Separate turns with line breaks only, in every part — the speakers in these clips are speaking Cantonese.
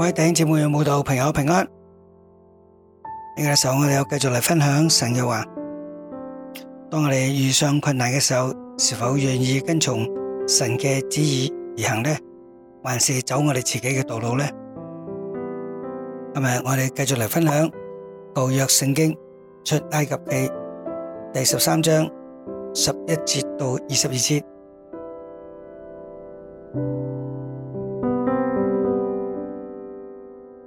各位弟兄姊妹，慕道朋友平安。呢個時候我哋又繼續嚟分享神嘅話。當我哋遇上困難嘅時候，是否願意跟從神嘅旨意而行呢？還是走我哋自己嘅道路呢？今日我哋繼續嚟分享舊約聖經出埃及記第十三章十一節到二十二節。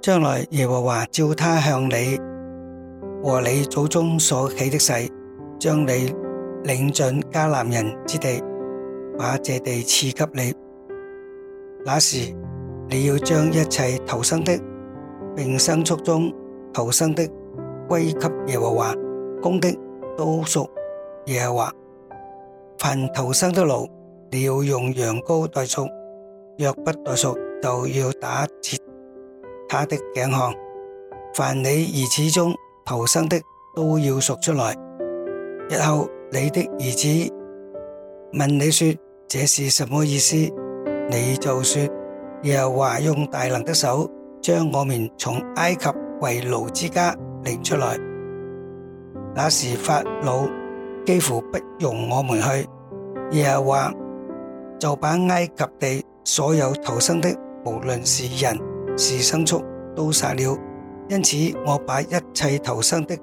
將來耶和華照他向你和你祖宗所起的誓，將你領進迦南人之地，把這地賜給你。那時你要將一切頭生的，並牲畜中頭生的歸給耶和華，公的都屬耶和華。凡頭生的路，你要用羊羔代贖，若不代贖，就要打折。他的頸項，凡你兒子中頭生的都要贖出來。日後你的兒子問你說，這是什麼意思，你就說耶和華用大能的手將我們從埃及為奴之家領出來，那時法老幾乎不容我們去，耶和華就把埃及地所有頭生的，無論是人。是牲畜都殺了，因此我把一切頭生的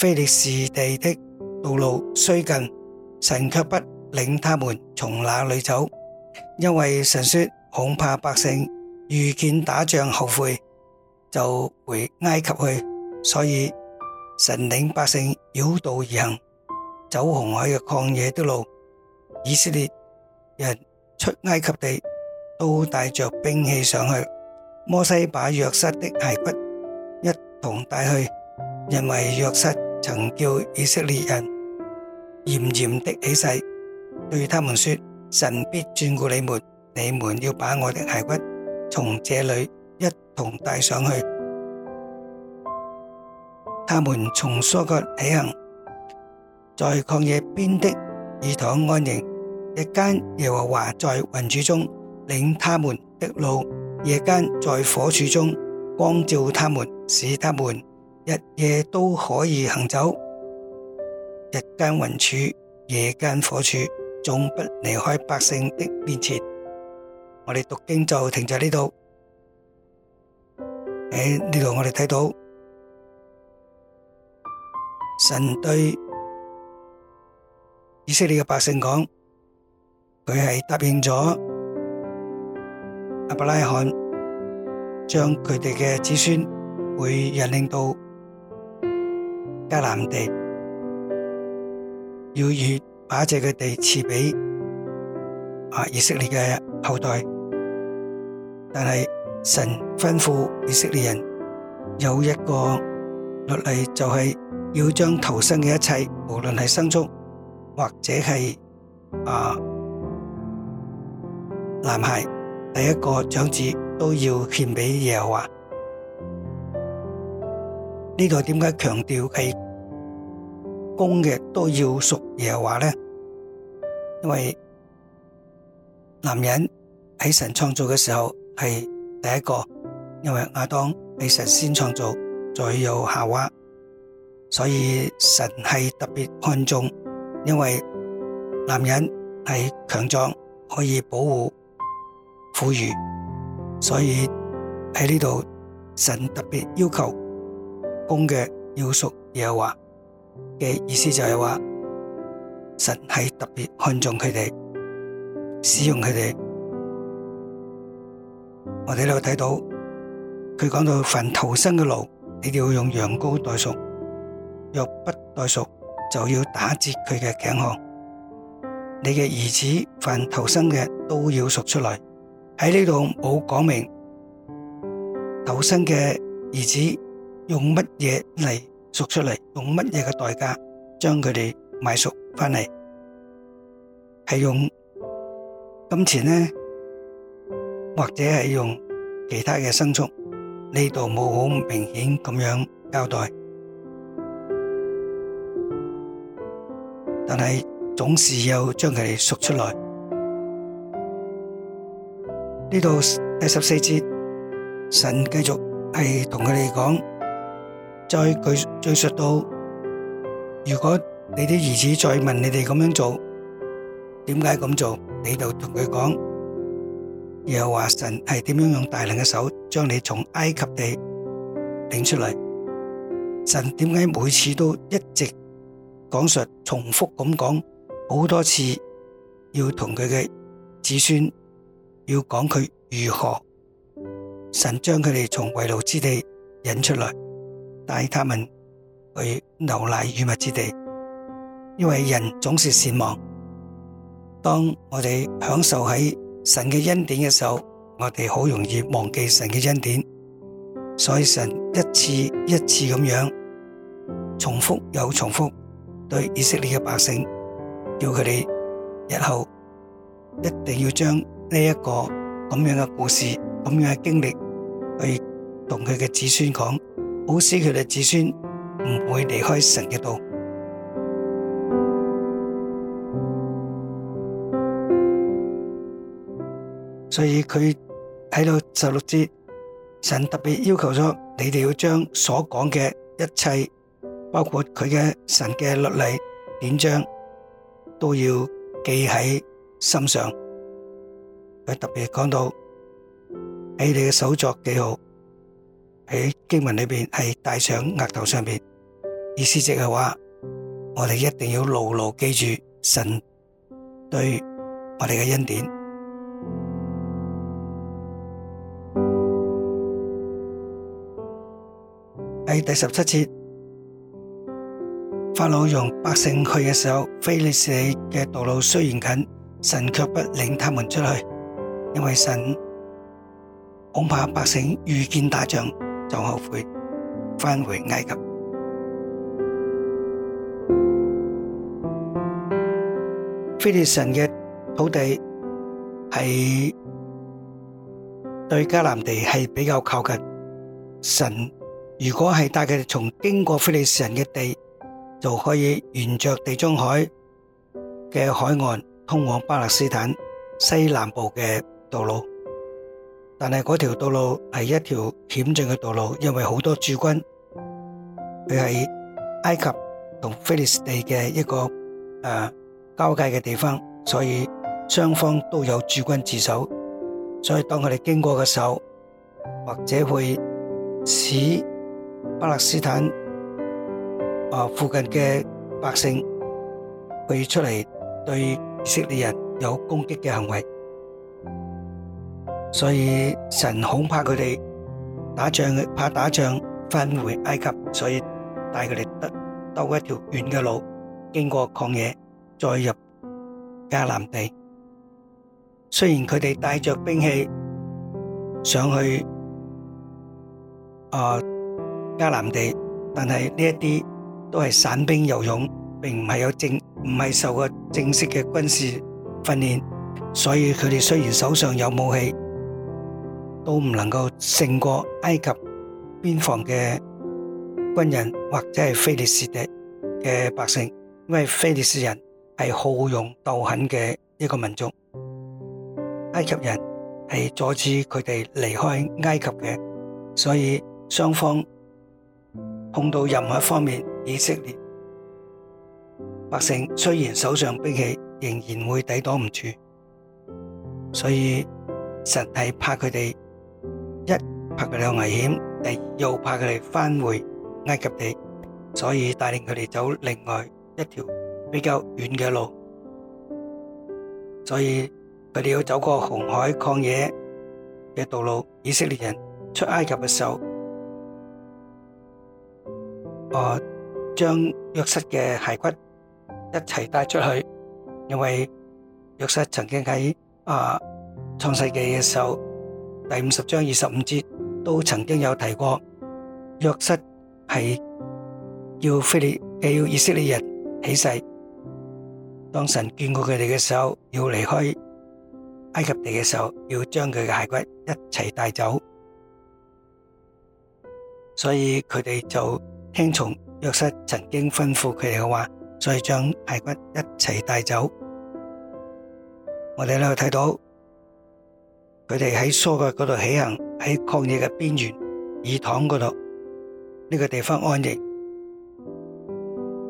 非利士地的道路雖近，神卻不領他們從那裏走，因為神說，恐怕百姓遇見打仗後悔，就回埃及去，所以神領百姓繞道而行，走紅海嘅曠野的路。以色列人出埃及地都帶着兵器上去，摩西把約瑟的骸骨一同帶去，因為約瑟曾叫以色列人，嚴嚴的起誓，對他們說，神必眷顧你們，日夜都可以行走，日間雲柱，夜間火柱，總不離開百姓的面前。我哋讀經就停在呢度。喺呢度我哋睇到神對以色列嘅百姓講，佢係答應咗亞伯拉罕，將佢哋嘅子孫會引領到。迦南地，要與把這嘅地賜俾、啊、以色列嘅後代，但係神吩咐以色列人有一個律例，就係要將逃生嘅一切，無論係牲畜，或者係啊男孩，第一個長子都要獻俾耶和華。呢度點解強調係公嘅都要屬耶華呢？因為男人喺神創造嘅時候係第一個，因為亞當俾神先創造，再有夏娃。所以神係特別看重，因為男人係強壯，可以保護婦孺。所以喺呢度神特別要求公嘅要贖嘢話嘅意思就係話，神係特別看重佢哋，使用佢哋。我哋睇到睇到，佢講到凡投生嘅路，你哋要用羊羔代贖，若不代贖，就要打折佢嘅頸項。你嘅兒子凡投生嘅都要贖出嚟。喺呢度冇講明投生嘅兒子。用乜嘢嚟贖出嚟，用乜嘢嘅代價，將佢哋買贖返嚟。係用金錢呢，或者係用其他嘅牲畜，呢度冇好明顯咁樣交代。但係，總是有將佢哋贖出嚟。呢度第十四節，神繼續，係同佢哋講，再佢再述到，如果你啲兒子再問你哋咁樣做，點解咁做，你就同佢講，又話神係點樣用大能嘅手將你從埃及地領出嚟。神點解每次都一直講述重複咁講好多次，要同佢嘅子孫要講佢如何神將佢哋從為奴之地引出來。帶他們去牛奶與蜜之地，因為人總是善忘。當我哋享受喺神嘅恩典嘅時候，我哋好容易忘記神嘅恩典，所以神一次一次咁樣重複又重複，對以色列嘅百姓，叫佢哋日後一定要將呢、這、一個咁樣嘅故事、咁樣嘅經歷，去同佢嘅子孫講。保護佢哋子孫唔會離開神嘅道，所以佢喺度十六節，神特別要求咗你哋要將所講嘅一切，包括佢嘅神嘅律例典章，都要記喺心上。佢特別講到，喺你嘅手作記號。喺經文裏邊係帶上額頭上邊，意思即係話，我哋一定要牢牢記住神對我哋嘅恩典。喺第十七節，法老容百姓去嘅時候，非利士嘅道路雖然近，神卻不領他們出去，因為神恐怕百姓遇見打仗。就後悔返回埃及。非利士人嘅土地係對迦南地係比較靠近。神如果係帶佢哋從經過非利士人嘅地，就可以沿著地中海嘅海岸通往巴勒斯坦西南部嘅道路。但係嗰條道路係一條險峻嘅道路，因為好多駐軍，佢係埃及同非利士地嘅一個誒交界嘅地方，所以雙方都有駐軍自守。所以當佢哋經過嘅時候，或者會使巴勒斯坦啊附近嘅百姓，會出嚟對以色列人有攻擊嘅行為。所以神恐怕佢哋打仗嘅，怕打仗返回埃及，所以帶佢哋兜一條遠嘅路，經過曠野再入迦南地。雖然佢哋帶着兵器上去啊迦南地，但係呢一啲都係散兵游勇，並唔係有正唔係受過正式嘅軍事訓練，所以佢哋雖然手上有武器。都唔能夠勝過埃及邊防嘅軍人或者係非利士地嘅百姓，因為非利士人係好勇鬥狠嘅一個民族，埃及人係阻止佢哋離開埃及嘅，所以雙方碰到任何一方面，以色列百姓雖然手上兵器仍然會抵擋唔住，所以實係怕佢哋。怕佢哋危險，第二，又怕佢哋返回埃及地，所以帶領佢哋走另外一條比較遠嘅路。所以佢哋要走過紅海曠野嘅道路。以色列人出埃及嘅時候，我將約瑟嘅骸骨一齊帶出去，因為約瑟曾經喺啊創世記嘅時候第五十章二十五節。都曾經有提過。佢哋喺蘇格嗰度起行，喺曠野嘅邊緣，以躺嗰度呢個地方安營。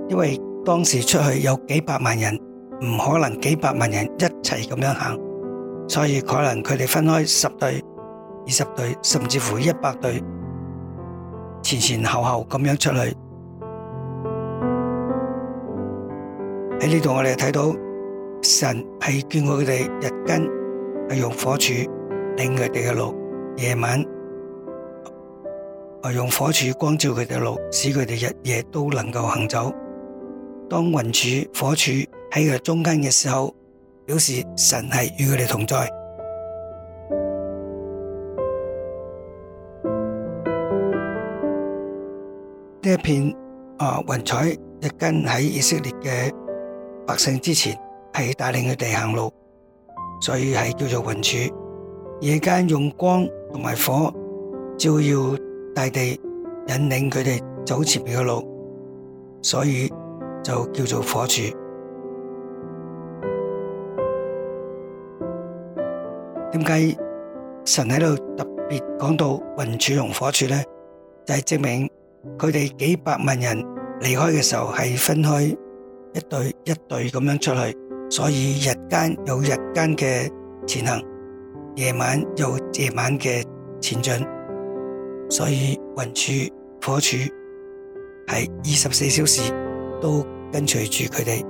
因為當時出去有幾百萬人，唔可能幾百萬人一齊咁樣行，所以可能佢哋分開十隊、二十隊，甚至乎一百隊，前前後後咁樣出去。喺呢度我哋睇到神係眷顧佢哋，日間係用火柱。領佢哋嘅路，夜晚啊用火柱光照佢哋路，使佢哋日夜都能夠行走。當雲柱火柱喺佢中間嘅時候，表示神係與佢哋同在。呢 一片啊雲彩亦跟喺以色列嘅百姓之前，係帶領佢哋行路，所以係叫做雲柱。夜間用光同埋火照耀大地，引領佢哋走前面嘅路，所以就叫做火柱。點解神喺度特別講到雲柱同火柱呢？就係證明佢哋幾百萬人離開嘅時候係分開一隊一隊咁樣出去，所以日間有日間嘅前行。夜晚又夜晚嘅前進，所以雲柱火柱係二十四小時都跟隨住佢哋。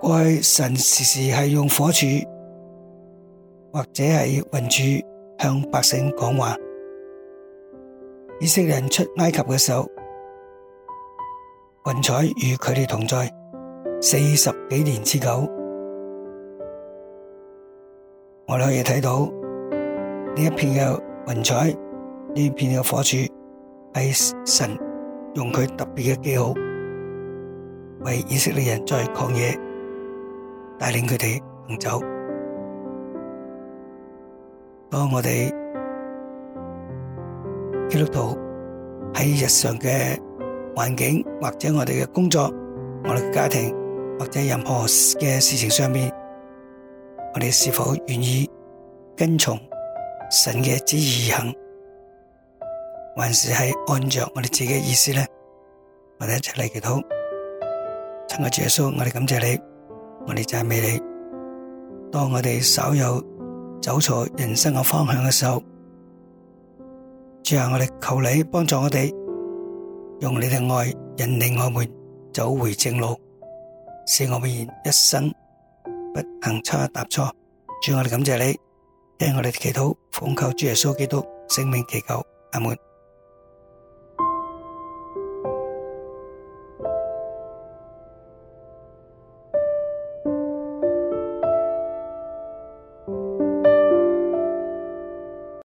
怪神時時係用火柱或者係雲柱向百姓講話。以色列人出埃及嘅時候，雲彩與佢哋同在。四十幾年之久，我哋可以睇到呢一片嘅雲彩，呢片嘅火柱係神用佢特別嘅記號，為以色列人在曠野帶領佢哋行走。當我哋基督徒喺日常嘅環境或者我哋嘅工作，我哋嘅家庭。或者任何嘅事情上面，我哋是否願意跟從神嘅旨意行，還是係按着我哋自己嘅意思咧？我哋一齊嚟祈禱。親愛主耶穌，我哋感謝你，我哋讚美你。當我哋稍有走錯人生嘅方向嘅時候，主啊，我哋求你幫助我哋，用你嘅愛引領我們走回正路。使我永遠一生不行差踏錯，主，我哋感謝你，聽我哋祈禱，奉求主耶穌基督聖名祈求，阿門。